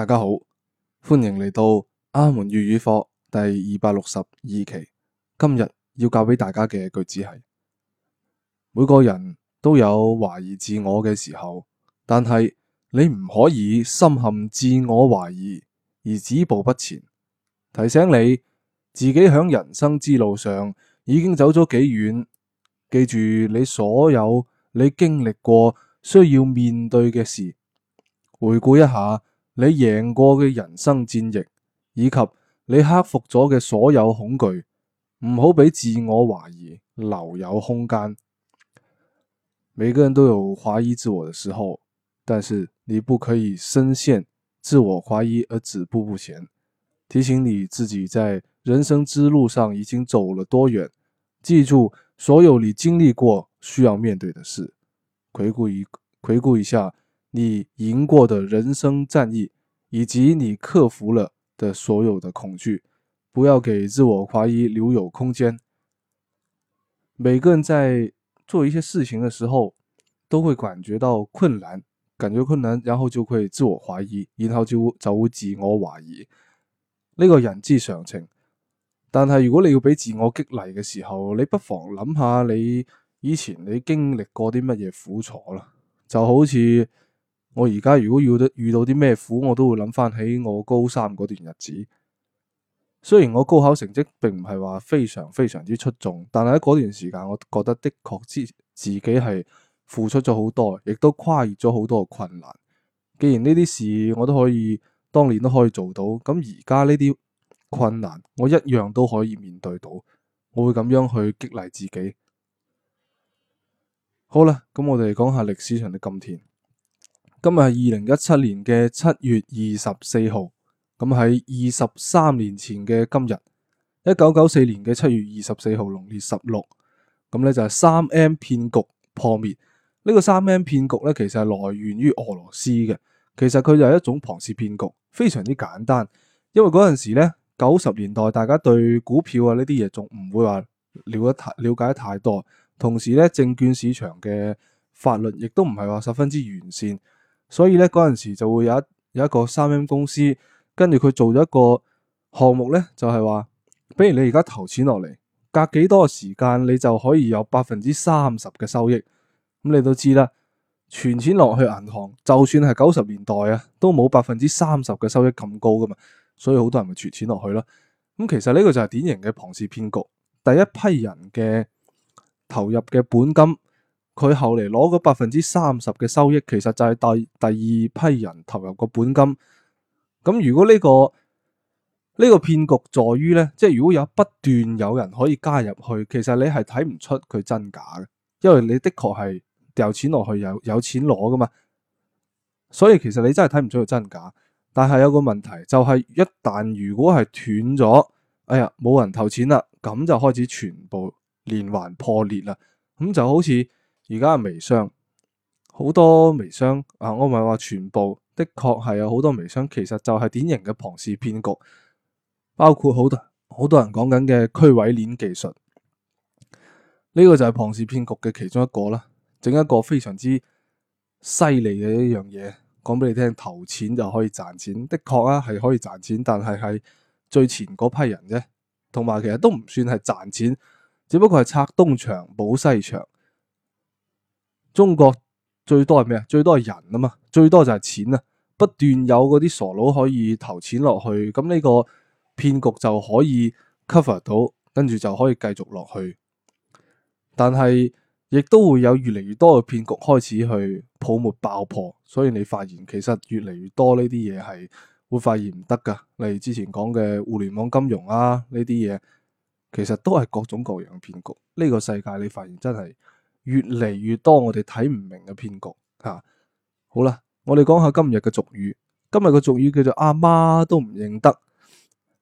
大家好，歡迎嚟到阿門粵語課第二百六十二期。今日要教俾大家嘅句子係：每個人都有懷疑自我嘅時候，但係你唔可以深陷自我懷疑而止步不前。提醒你自己響人生之路上已經走咗幾遠，記住你所有你經歷過需要面對嘅事，回顧一下。你贏過嘅人生戰役，以及你克服咗嘅所有恐懼，唔好俾自我懷疑留有空間。每個人都有懷疑自我嘅時候，但是你不可以深陷自我懷疑而止步不前。提醒你自己在人生之路上已經走了多遠，記住所有你經歷過需要面對的事，回顧一回顧一下。你贏過的人生戰役，以及你克服了的所有的恐懼，不要給自我懷疑留有空間。每個人在做一些事情嘅時候，都會感覺到困難，感覺困難，然後就會自我懷疑，然後就就會自我懷疑，呢、這個人之常情。但係如果你要俾自我激勵嘅時候，你不妨諗下你以前你經歷過啲乜嘢苦楚啦，就好似。我而家如果遇到遇到啲咩苦，我都會諗翻起我高三嗰段日子。雖然我高考成績並唔係話非常非常之出眾，但係喺嗰段時間，我覺得的確之自己係付出咗好多，亦都跨越咗好多困難。既然呢啲事我都可以當年都可以做到，咁而家呢啲困難我一樣都可以面對到。我會咁樣去激勵自己。好啦，咁我哋講下歷史上嘅今天。今日係二零一七年嘅七月二十四號，咁喺二十三年前嘅今日，一九九四年嘅七月二十四號，農曆十六，咁咧就係三 M 騙局破滅。呢個三 M 騙局咧，其實係來源於俄羅斯嘅。其實佢就係一種龐氏騙局，非常之簡單。因為嗰陣時咧九十年代，大家對股票啊呢啲嘢仲唔會話了得太了解得太多，同時咧證券市場嘅法律亦都唔係話十分之完善。所以咧嗰陣時就會有一有一個三 M 公司，跟住佢做咗一個項目咧，就係話，比如你而家投錢落嚟，隔幾多時間你就可以有百分之三十嘅收益。咁你都知啦，存錢落去銀行，就算係九十年代啊，都冇百分之三十嘅收益咁高噶嘛。所以好多人咪存錢落去咯。咁其實呢個就係典型嘅龐氏騙局。第一批人嘅投入嘅本金。佢後嚟攞嗰百分之三十嘅收益，其實就係第第二批人投入個本金。咁如果呢個呢個騙局在於咧，即係如果有不斷有人可以加入去，其實你係睇唔出佢真假嘅，因為你的確係掉錢落去有有錢攞噶嘛。所以其實你真係睇唔出佢真假。但係有個問題就係一旦如果係斷咗，哎呀冇人投錢啦，咁就開始全部連環破裂啦。咁就好似。而家係微商，好多微商啊！我唔係話全部，的確係有好多微商，其實就係典型嘅龐氏騙局，包括好多好多人講緊嘅區塊鏈技術，呢個就係龐氏騙局嘅其中一個啦。整一個非常之犀利嘅一樣嘢，講俾你聽，投錢就可以賺錢。的確啊，係可以賺錢，但係係最前嗰批人啫，同埋其實都唔算係賺錢，只不過係拆東牆補西牆。中國最多係咩啊？最多係人啊嘛，最多就係錢啊！不斷有嗰啲傻佬可以投錢落去，咁呢個騙局就可以 cover 到，跟住就可以繼續落去。但係亦都會有越嚟越多嘅騙局開始去泡沫爆破，所以你發現其實越嚟越多呢啲嘢係會發現唔得噶。例如之前講嘅互聯網金融啊，呢啲嘢其實都係各種各樣嘅騙局。呢個世界你發現真係。越嚟越多我哋睇唔明嘅騙局嚇、啊。好啦，我哋講下今日嘅俗語。今日嘅俗語叫做阿媽都唔認得。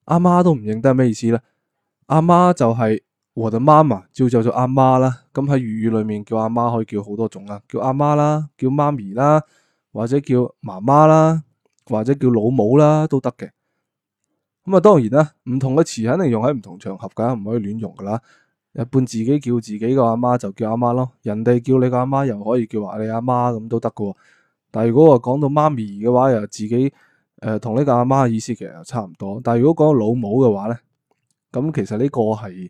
阿媽都唔認得係咩意思咧？阿媽就係我哋媽媽，照就做阿媽啦。咁喺粵語裏面叫阿媽可以叫好多種啦，叫阿媽啦，叫媽咪啦，或者叫媽媽啦，或者叫老母啦都得嘅。咁啊，當然啦，唔同嘅詞肯定用喺唔同場合，梗係唔可以亂用噶啦。一般自己叫自己個阿媽，媽就叫阿媽，媽咯，人哋叫你個阿媽，媽又可以叫話你阿媽咁都得噶。但係如果話講到媽咪嘅話，又自己誒同呢個阿媽嘅意思其實又差唔多。但係如果講到老母嘅話咧，咁、嗯、其實呢個係誒、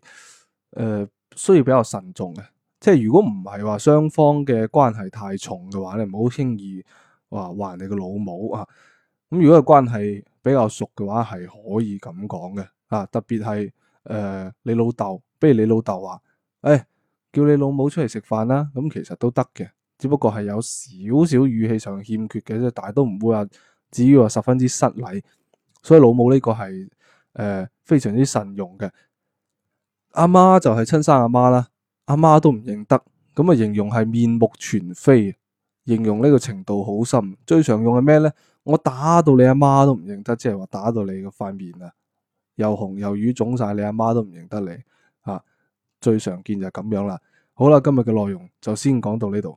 呃、需要比較慎重嘅，即係如果唔係話雙方嘅關係太重嘅話，你唔好輕易話話你個老母啊。咁、嗯、如果關係比較熟嘅話，係可以咁講嘅啊，特別係。誒，你老豆，不如你老豆話，誒，叫你老母出嚟食飯啦，咁其實都得嘅，只不過係有少少語氣上欠缺嘅啫，但係都唔會話至於話十分之失禮，所以老母呢個係誒非常之慎用嘅，阿媽就係親生阿媽啦，阿媽都唔認得，咁啊形容係面目全非，形容呢個程度好深，最常用係咩咧？我打到你阿媽都唔認得，即係話打到你個塊面啊！又紅又瘀腫晒，你阿媽都唔認得你啊！最常見就係咁樣啦。好啦，今日嘅內容就先講到呢度。